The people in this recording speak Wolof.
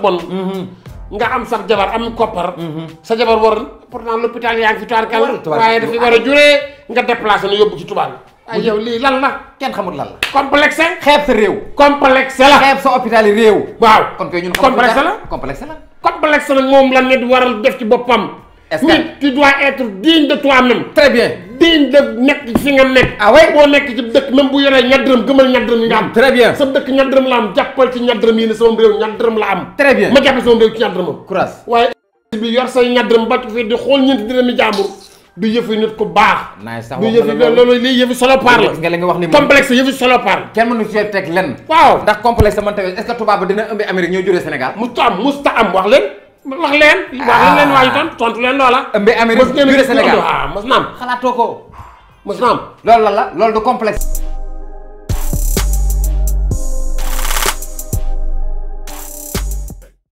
bon mhm. nga am sax jabar am koppar mhm. sa jabar war pourtant l'hôpital yaa ngi fi tubaarkal waaye dafa war a juree nga déplacé na yóbbu ci tubaab ay ah, yow lii lan la kenn xamul lan la complexe xeeb sa réew complexe la xeeb sa hôpital yi réew waaw kon kay ñun complexe la complexe la complexe nag moom la nit waral def ci boppam est-ce que tu dois de toi-même. très bien digne de nekk fi nga nekk. ah boo nekk ci dëkk même bu yoree ñadram gëmal ñadram yi nga am. Mm, très bien sa dëkk ñadram la am jàppal ci ñadram yi ne sama réew ñadram la am. ma jàppal sama réew ci ñadramam. courage baax. naay sax wax solo par la. nga li ni moom teg lenn. waaw ndax complexe man tamit est que tubaab bi dina ëmbi Amérique ñoo juree Sénégal. musta am musta am wax leen wax leen. wax lan leen ah. waaju ton tontu leen loola. mbi Amérique biir Sénégal ah, mos naam xalaatoo ko mos naam. lool la la loolu du complexe.